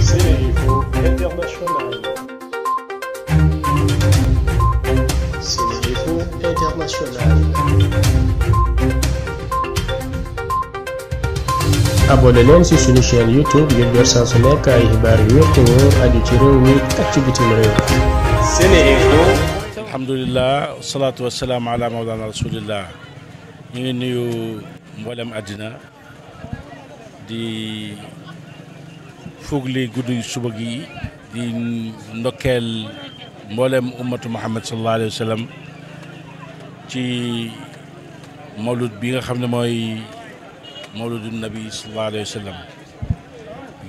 Sénégal International. Sénégal International. abonné leen ci suñu YouTube ngir jot saa su nekk ay xibaar yu wér te wóor aju ci réew mi ak ci bitim réew. Sénégal. ngi nuyu àddina fuugli guddi suba gi di ndokkeel mboolem ummatu muhammad sallallahu alayhi wa sallam ci mawlud bi nga xam ne mooy mawludu nabi sallallahu alayhi wa sallam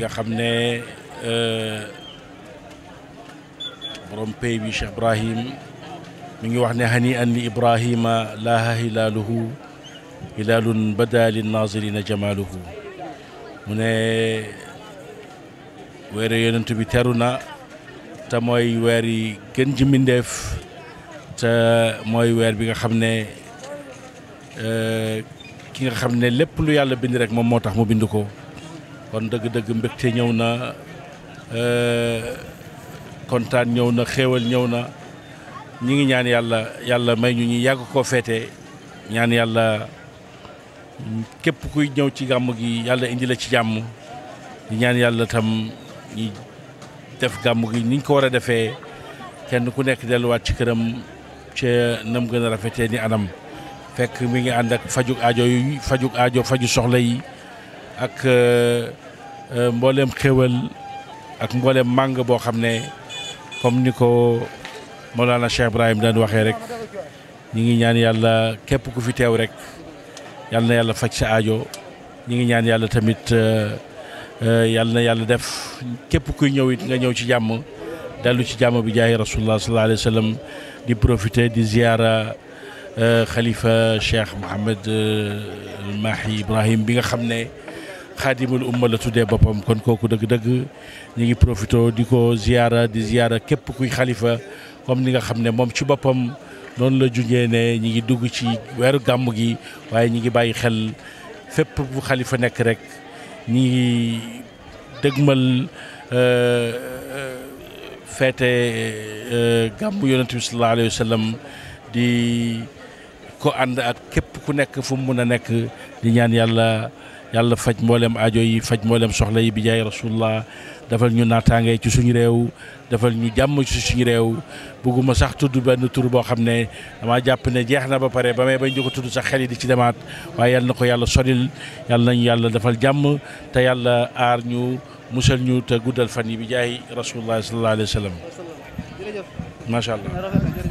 nga xam ne euh, borom pay bi Cheikh Ibrahim mi ngi wax ne hani an li ibrahima laaha hilaaluhu hilaalun bada linnazirina jamaaluhu mu ne weeru yonent bi teru na te mooy weer yi gën ji te mooy weer bi nga xam ne eh, ki nga xam ne lépp lu yàlla bind rek moom moo tax mu bind ko kon dëgg-dëgg mbégte ñëw na eh, kontaan ñëw na xéewal ñëw na ñi ngi ñaan yàlla yàlla may ñu ñu yàgg koo feete ñaan yàlla képp kuy ñëw ci gàmm gi yàlla indila ci jàmm di ñaan yàlla tam ñi def gàmm gi niñ ko war a defee kenn ku nekk delluwaat ci këram ca nam gën a rafetee ni anam fekk mi ngi ànd ak fajuk aajo fajug fajuk aajo faju soxla yi ak euh, euh, mbooleem xéwal ak mbooleem màng boo xam ne comme ni ko Mawlana Cheikh Ibrahim daan waxee rek ñi ngi ñaan yàlla képp ku fi teew rek yàlla na yàlla faj sa aajo ñi ngi ñaan yàlla tamit euh, Euh, yàlla na yàlla def képp kuy ñëw it nga ñëw ci jàmm dàllu ci jàmm bi jaay rasulullah sallallahu alayhi wa sallam di profité di ziyaara euh, xalifa cheikh Mouhamed euh, Mahi Ibrahim bi nga xam ne xaadimul umma la tuddee boppam kon kooku dëgg-dëgg ñu ngi profité di ko ziyaara di ziyaara képp kuy xalifa comme ni nga xam ne moom ci boppam noonu la jugee ne ñu ngi dugg ci weeru gàmm gi waaye ñu ngi bàyyi xel fépp bu xalifa nekk rek ñi ngi dëgmal euh, feete euh, gàmmu yonent bi sallallahu alayhi wa sallam di ko ànd ak képp ku nekk fu mun a nekk di ñaan yàlla yàlla faj mboolem aajo yi faj mboolem soxla yi bi jaay rasulullah defal ñu naataange ci suñu réew defal ñu jàmm ci suñu réew bëgguma sax tudd benn tur boo xam ne damaa jàpp ne jeex na ba pare ba may bañ di tudd sax xel yi di ci demaat waaye yal na ko yàlla soril yàlla nañu yàlla defal jàmm te yàlla aar ñu musal ñu te guddal fan yi bi jaay rasulullah sallallahu alayhi wa macha allah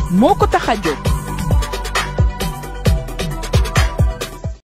moo ko tax a jóg